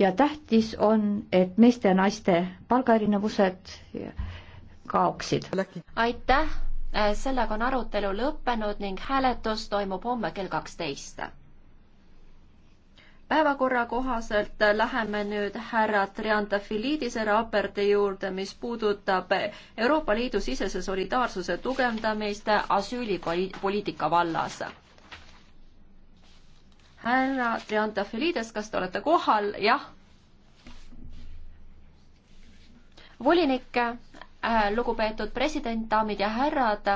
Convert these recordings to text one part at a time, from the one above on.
ja tähtis on, et meeste ja naiste palgaerinevused kaoksid. aitäh, äh, sellega on arutelu lõppenud ning hääletus toimub homme kell kaksteist. päevakorra kohaselt läheme nüüd härra Triantafilidise raporti juurde, mis puudutab Euroopa Liidu sisese solidaarsuse tugevdamist asüülipoliitika vallas härra Triantafilides, kas te olete kohal? jah. volinik, äh, lugupeetud president, daamid ja härrad,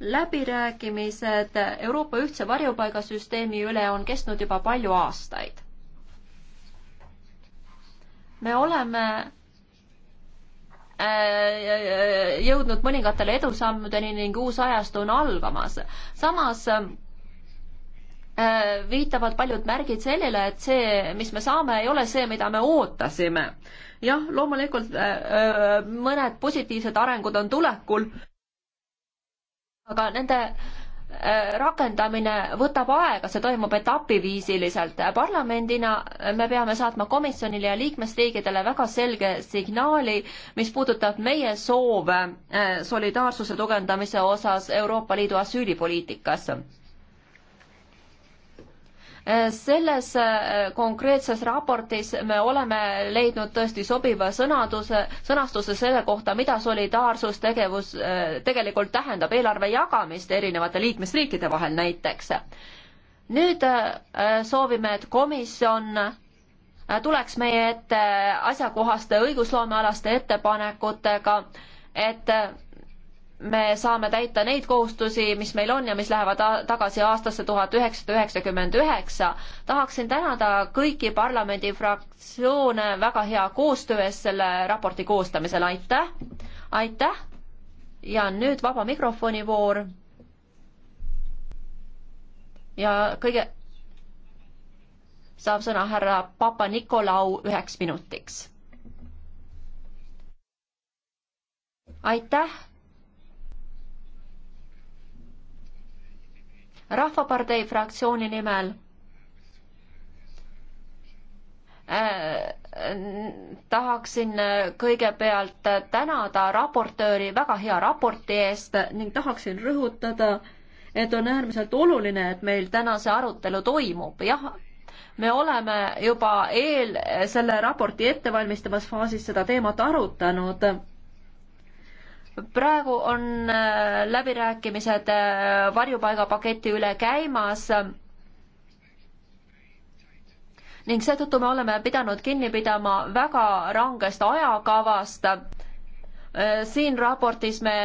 läbirääkimised Euroopa ühtse varjupaigasüsteemi üle on kestnud juba palju aastaid. me oleme äh, jõudnud mõningatele edusammudeni ning uus ajastu on algamas. samas Äh, viitavad paljud märgid sellele, et see, mis me saame, ei ole see, mida me ootasime. jah, loomulikult äh, äh, mõned positiivsed arengud on tulekul, aga nende rakendamine võtab aega, see toimub etapiviisiliselt. parlamendina me peame saatma komisjonile ja liikmesriigidele väga selge signaali, mis puudutab meie soove solidaarsuse tugevdamise osas Euroopa Liidu asüülipoliitikas selles äh, konkreetses raportis me oleme leidnud tõesti sobiva sõnaduse, sõnastuse selle kohta, mida solidaarsustegevus äh, tegelikult tähendab, eelarve jagamist erinevate liikmesriikide vahel näiteks. nüüd äh, soovime, et komisjon tuleks meie ette asjakohaste õigusloomealaste ettepanekutega, et me saame täita neid kohustusi, mis meil on ja mis lähevad tagasi aastasse tuhat üheksasada üheksakümmend üheksa. tahaksin tänada kõiki parlamendifraktsioone väga hea koostöö eest selle raporti koostamisel, aitäh! aitäh! ja nüüd vaba mikrofoni voor. ja kõige, saab sõna härra Papa-Nikolau üheks minutiks. aitäh! Rahvapartei fraktsiooni nimel äh, tahaksin äh, kõigepealt tänada raportööri väga hea raporti eest ning tahaksin rõhutada, et on äärmiselt oluline, et meil täna see arutelu toimub, jah, me oleme juba eel selle raporti ettevalmistamas faasis seda teemat arutanud praegu on äh, läbirääkimised äh, varjupaigapaketi üle käimas ning seetõttu me oleme pidanud kinni pidama väga rangest ajakavast. Äh, siin raportis me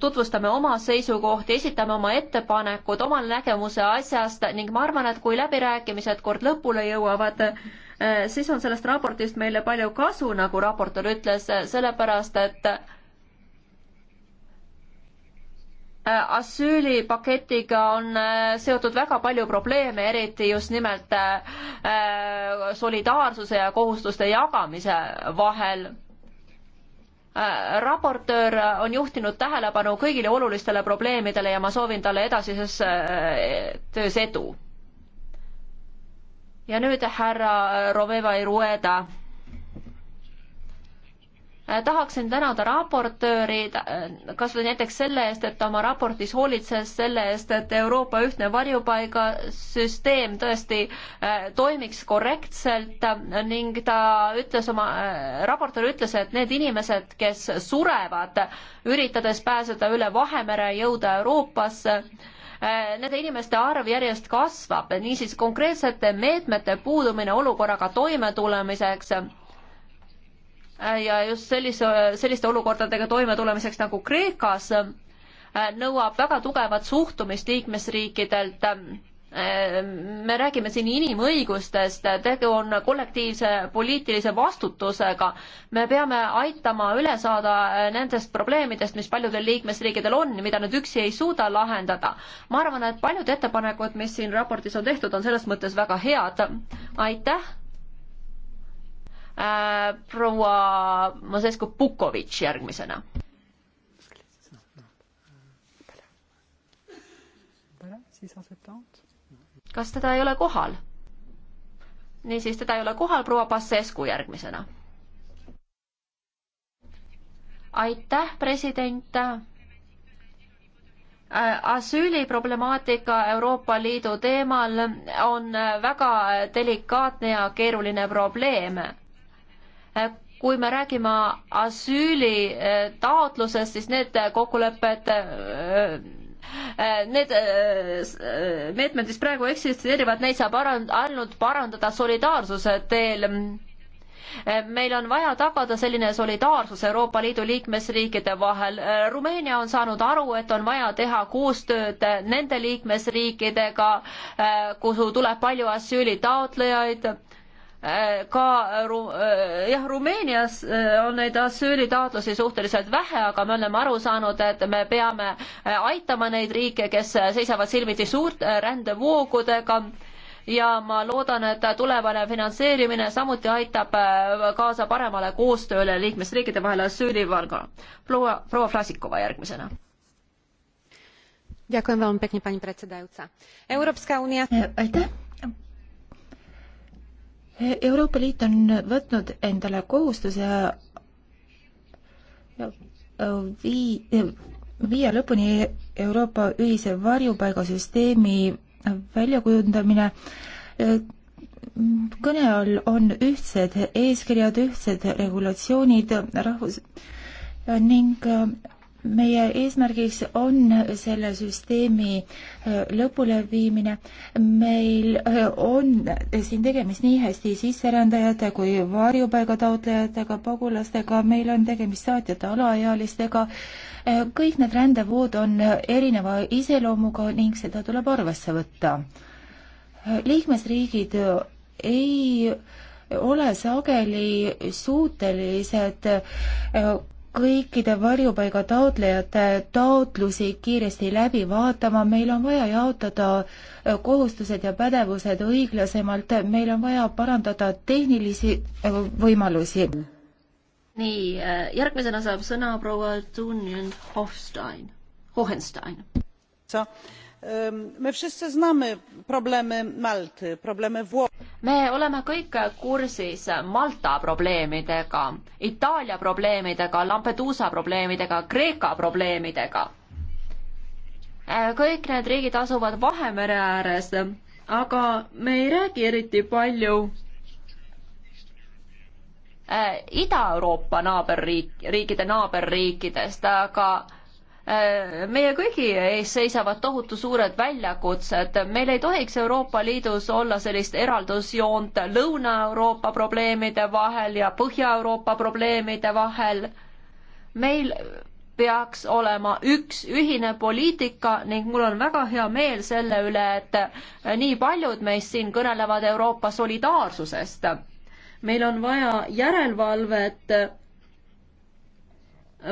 tutvustame oma seisukohti, esitame oma ettepanekud, oma nägemuse asjast ning ma arvan, et kui läbirääkimised kord lõpule jõuavad, siis on sellest raportist meile palju kasu, nagu raportöör ütles, sellepärast et Äh, asüülipaketiga on äh, seotud väga palju probleeme, eriti just nimelt äh, solidaarsuse ja kohustuste jagamise vahel raportöör on juhtinud tähelepanu kõigile olulistele probleemidele ja ma soovin talle edasises töös edu. ja nüüd härra Romeva Irueda Äh, tahaksin tänada raportööri äh, kas või näiteks selle eest, et ta oma raportis hoolitses selle eest, et Euroopa ühtne varjupaigasüsteem tõesti äh, toimiks korrektselt ning ta ütles oma, raportöör ütles, et need inimesed, kes surevad, üritades pääseda üle Vahemere, jõuda Euroopasse, nende inimeste arv järjest kasvab, niisiis konkreetsete meetmete puudumine olukorraga toimetulemiseks Äh, ja just sellise, selliste olukordadega toimetulemiseks nagu Kreekas äh, nõuab väga tugevat suhtumist liikmesriikidelt. Äh, me räägime siin inimõigustest, tegu on kollektiivse poliitilise vastutusega. me peame aitama üle saada nendest probleemidest, mis paljudel liikmesriikidel on ja mida nad üksi ei suuda lahendada. ma arvan, et paljud ettepanekud, mis siin raportis on tehtud, on selles mõttes väga head. aitäh Äh, proua Mosescu Pukovitš järgmisena. kas teda ei ole kohal? niisiis, teda ei ole kohal, proua Passescu järgmisena. aitäh, president äh, asüüliproblemaatika Euroopa Liidu teemal on väga delikaatne ja keeruline probleem. Äh, kui me räägime asüüli äh, taotlusest, siis need äh, kokkulepped Need meetmed, mis praegu eksisteerivad, neid saab ainult parandada solidaarsuse teel meil on vaja tagada selline solidaarsus Euroopa Liidu liikmesriikide vahel. Rumeenia on saanud aru, et on vaja teha koostööd nende liikmesriikidega, kuhu tuleb palju asüülitaotlejaid Äh, ka äh, Ru-, äh, jah, Rumeenias on neid asüülitaotlusi suhteliselt vähe, aga me oleme aru saanud, et me peame aitama neid riike, kes seisavad silmitsi suurte rändevoogudega ja ma loodan, et tulevane finantseerimine samuti aitab kaasa paremale koostööle liikmesriikide vahel asüülivalga. proua, proua Vlasikova järgmisena. aitäh Euroopa Liit on võtnud endale kohustuse äh, vii-, äh, viia lõpuni Euroopa ühise varjupaigasüsteemi väljakujundamine. Äh, kõne all on ühtsed eeskirjad, ühtsed regulatsioonid rahvus ning meie eesmärgiks on selle süsteemi äh, lõpuleviimine. meil äh, on siin tegemist nii hästi sisserändajate kui varjupaigataotlejatega, pagulastega, meil on tegemist saatjate alaealistega. Äh, kõik need rändevood on erineva iseloomuga ning seda tuleb arvesse võtta. liikmesriigid ei ole sageli suutelised kõikide varjupaiga taotlejate taotlusi kiiresti läbi vaatama, meil on vaja jaotada äh, kohustused ja pädevused õiglasemalt, meil on vaja parandada tehnilisi äh, võimalusi. nii, äh, järgmisena saab sõna proua Dunjan Hofstein, Hohenstein me wszyscy znamy problemy Malty, problemy Włoch. me oleme kõik kursis Malta probleemidega, Itaalia probleemidega, Lampedusa probleemidega, Kreeka probleemidega. kõik need riigid asuvad Vahemere ääres, aga me ei räägi eriti palju eh, Ida-Euroopa naaberriik, riikide naaberriikidest, aga Äh, meie kõigi ees seisavad tohutu suured väljakutsed. meil ei tohiks Euroopa Liidus olla sellist eraldusjoont Lõuna-Euroopa probleemide vahel ja Põhja-Euroopa probleemide vahel. meil peaks olema üks ühine poliitika ning mul on väga hea meel selle üle, et äh, nii paljud meist siin kõnelevad Euroopa solidaarsusest. meil on vaja järelevalvet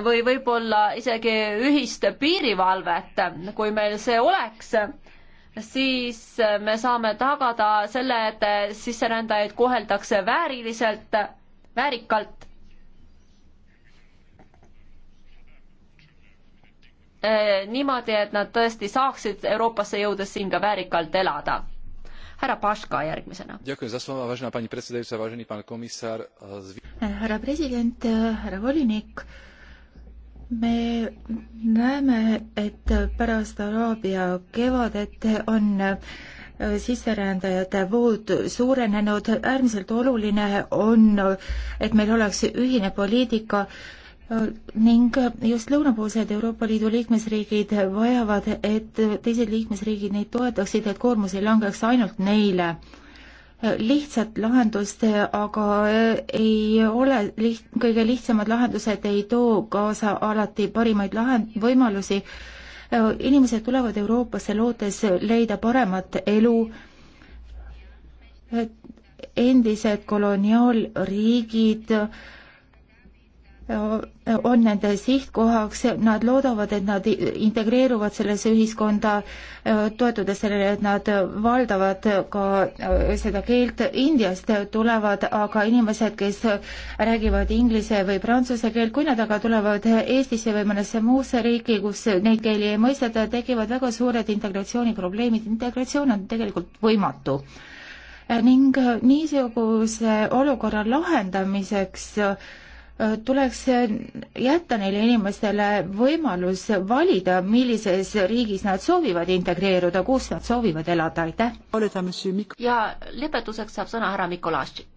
või võib-olla isegi ühist piirivalvet, kui meil see oleks, siis me saame tagada selle, et sisserändajaid koheldakse vääriliselt, väärikalt. niimoodi, et nad tõesti saaksid Euroopasse jõudes siin ka väärikalt elada härra Paška järgmisena. härra president, härra volinik, me näeme, et pärast Araabia kevadet on äh, sisserändajate vood suurenenud, äärmiselt oluline on, et meil oleks ühine poliitika äh, ning just lõunapoolsed Euroopa Liidu liikmesriigid vajavad, et teised liikmesriigid neid toetaksid, et koormus ei langeks ainult neile lihtsat lahendust, aga ei ole liht-, kõige lihtsamad lahendused ei too kaasa alati parimaid lahend-, võimalusi. inimesed tulevad Euroopasse lootes leida paremat elu, endised koloniaalriigid äh, on nende sihtkohaks, nad loodavad, et nad integreeruvad sellesse ühiskonda, toetudes sellele, et nad valdavad ka äh, seda keelt. Indiast tulevad aga inimesed, kes räägivad inglise või prantsuse keelt, kui nad aga tulevad Eestisse või mõnesse muusse riiki, kus neid keeli ei mõisteta, tekivad väga suured integratsiooniprobleemid. integratsioon on tegelikult võimatu ning niisuguse olukorra lahendamiseks Äh, tuleks äh, jätta neile inimestele võimalus valida, millises riigis nad soovivad integreeruda, kus nad soovivad elada, aitäh! ja lõpetuseks saab sõna härra Mikolašik.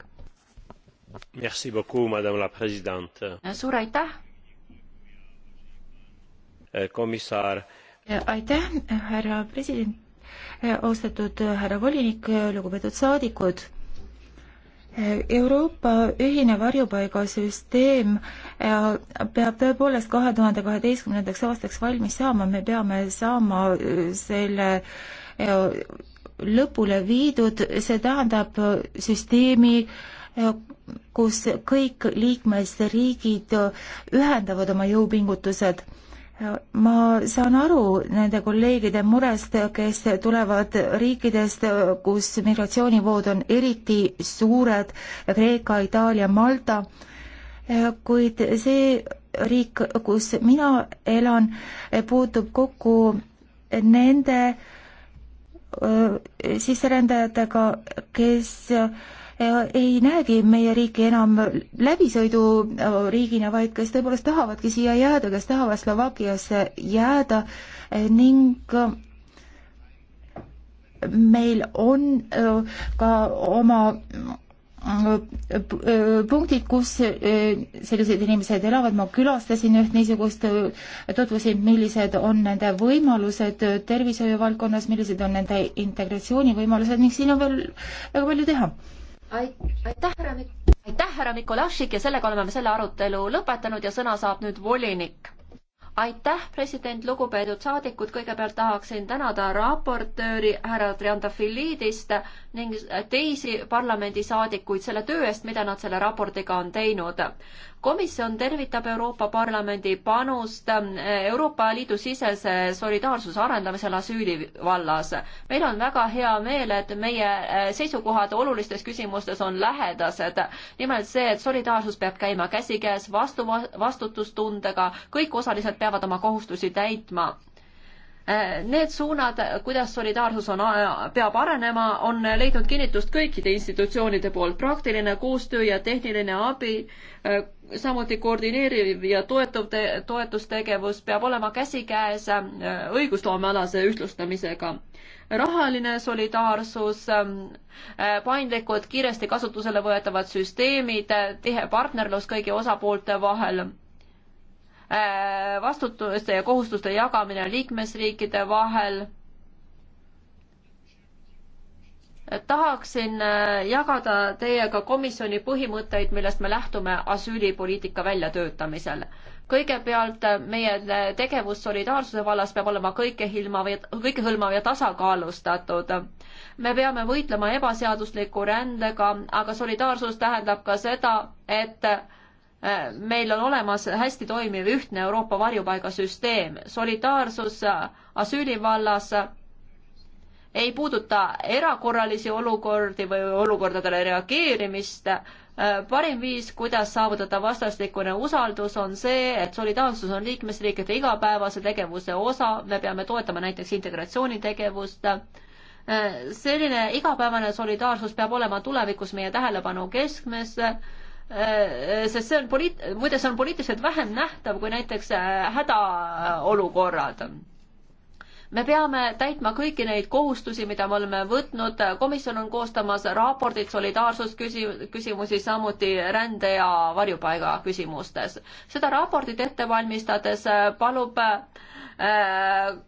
Äh, suur aitäh! komissar. aitäh, härra president, austatud härra volinik, lugupeetud saadikud Euroopa ühine varjupaigasüsteem äh, peab tõepoolest kahe tuhande kaheteistkümnendaks aastaks valmis saama, me peame saama äh, selle äh, lõpule viidud, see tähendab süsteemi, kus kõik liikmesriigid ühendavad oma jõupingutused ma saan aru nende kolleegide murest, kes tulevad riikidest, kus migratsioonivood on eriti suured, Kreeka, Itaalia, Malta, kuid see riik, kus mina elan, puutub kokku nende sisserändajatega, kes Äh, ei näegi meie riiki enam läbisõiduriigina, vaid kes tõepoolest tahavadki siia jääda, kes tahavad Slovakkiasse jääda äh, ning äh, meil on ka oma punktid, kus sellised inimesed elavad, ma külastasin üht niisugust, tutvusin, millised on nende võimalused tervishoiu valdkonnas, millised on nende integratsioonivõimalused ning siin on veel väga palju teha aitäh, härra Mik-, aitäh, härra Mikolašik ja sellega oleme me selle arutelu lõpetanud ja sõna saab nüüd volinik aitäh, president, lugupeetud saadikud, kõigepealt tahaksin tänada raportööri härra Triandafilidist ning teisi parlamendisaadikuid selle töö eest, mida nad selle raportiga on teinud. komisjon tervitab Euroopa Parlamendi panust Euroopa Liidu sisese solidaarsuse arendamisel asüüli vallas. meil on väga hea meel, et meie seisukohad olulistes küsimustes on lähedased. nimelt see, et solidaarsus peab käima käsikäes vastu, vastutustundega, kõik osalised peavad oma kohustusi täitma. Need suunad, kuidas solidaarsus on, peab arenema, on leidnud kinnitust kõikide institutsioonide poolt. praktiline koostöö ja tehniline abi, samuti koordineeriv ja toetav te-, toetustegevus peab olema käsikäes õigusloomealase ühtlustamisega rahaline solidaarsus, paindlikud, kiiresti kasutusele võetavad süsteemid, tihe partnerlus kõigi osapoolte vahel Äh, vastutuste ja kohustuste jagamine liikmesriikide vahel. tahaksin äh, jagada teiega komisjoni põhimõtteid, millest me lähtume asüülipoliitika väljatöötamisel. kõigepealt äh, meie tegevus solidaarsuse vallas peab olema kõikehilmav ja, kõikehõlmav ja tasakaalustatud me peame võitlema ebaseadusliku rändega, aga solidaarsus tähendab ka seda, et meil on olemas hästi toimiv ühtne Euroopa varjupaigasüsteem. solidaarsus asüüli vallas ei puuduta erakorralisi olukordi või olukordadele reageerimist. parim viis, kuidas saavutada vastastikune usaldus, on see, et solidaarsus on liikmesriikide igapäevase tegevuse osa, me peame toetama näiteks integratsioonitegevust selline igapäevane solidaarsus peab olema tulevikus meie tähelepanu keskmes Äh, sest see on poliit-, muide, see on poliitiliselt vähem nähtav kui näiteks äh, hädaolukorrad. me peame täitma kõiki neid kohustusi, mida me oleme võtnud, komisjon on koostamas raportit solidaarsusküsi-, küsimusi, samuti rände ja varjupaiga küsimustes. seda raportit ette valmistades äh, palub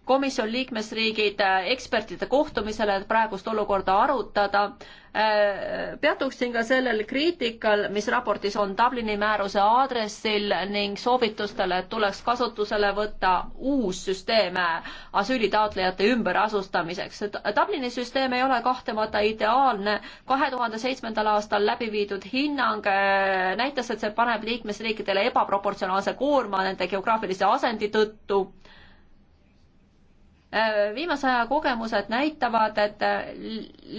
komisjon liikmesriigid ekspertide kohtumisele, et praegust olukorda arutada Äh, peatuksin ka sellel kriitikal, mis raportis on Dublini määruse aadressil ning soovitustele, et tuleks kasutusele võtta uus süsteem äh, asüülitaotlejate ümberasustamiseks. Dublini süsteem ei ole kahtlemata ideaalne. kahe tuhande seitsmendal aastal läbi viidud hinnang äh, näitas, et see paneb liikmesriikidele ebaproportsionaalse koorma nende geograafilise asendi tõttu Äh, viimase aja kogemused näitavad, et äh,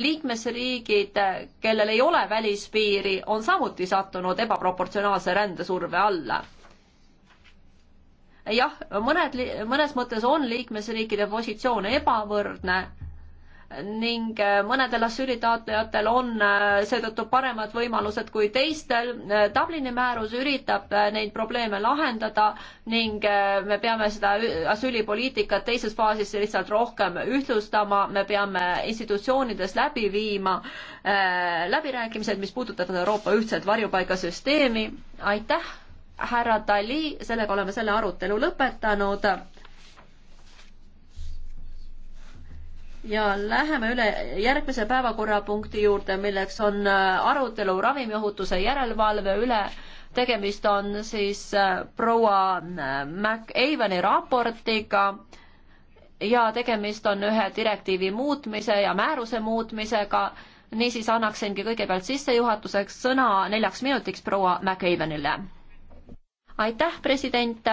liikmesriigid, äh, kellel ei ole välispiiri, on samuti sattunud ebaproportsionaalse rändesurve alla. jah, mõned, mõnes mõttes on liikmesriikide positsioon ebavõrdne ning äh, mõnedel asüülitaotlejatel on äh, seetõttu paremad võimalused kui teistel. Äh, Dublini määrus üritab neid probleeme lahendada ning me peame seda asüülipoliitikat teises faasis lihtsalt rohkem ühtlustama, me peame institutsioonides läbi viima läbirääkimised, mis puudutavad Euroopa ühtset varjupaigasüsteemi. aitäh, härra Dali, sellega oleme selle arutelu lõpetanud ja läheme üle järgmise päevakorrapunkti juurde, milleks on äh, arutelu ravimiohutuse järelevalve üle. tegemist on siis äh, proua äh, MacAvani raportiga ja tegemist on ühe direktiivi muutmise ja määruse muutmisega. niisiis annaksingi kõigepealt sissejuhatuseks sõna neljaks minutiks proua MacAvanile. aitäh, president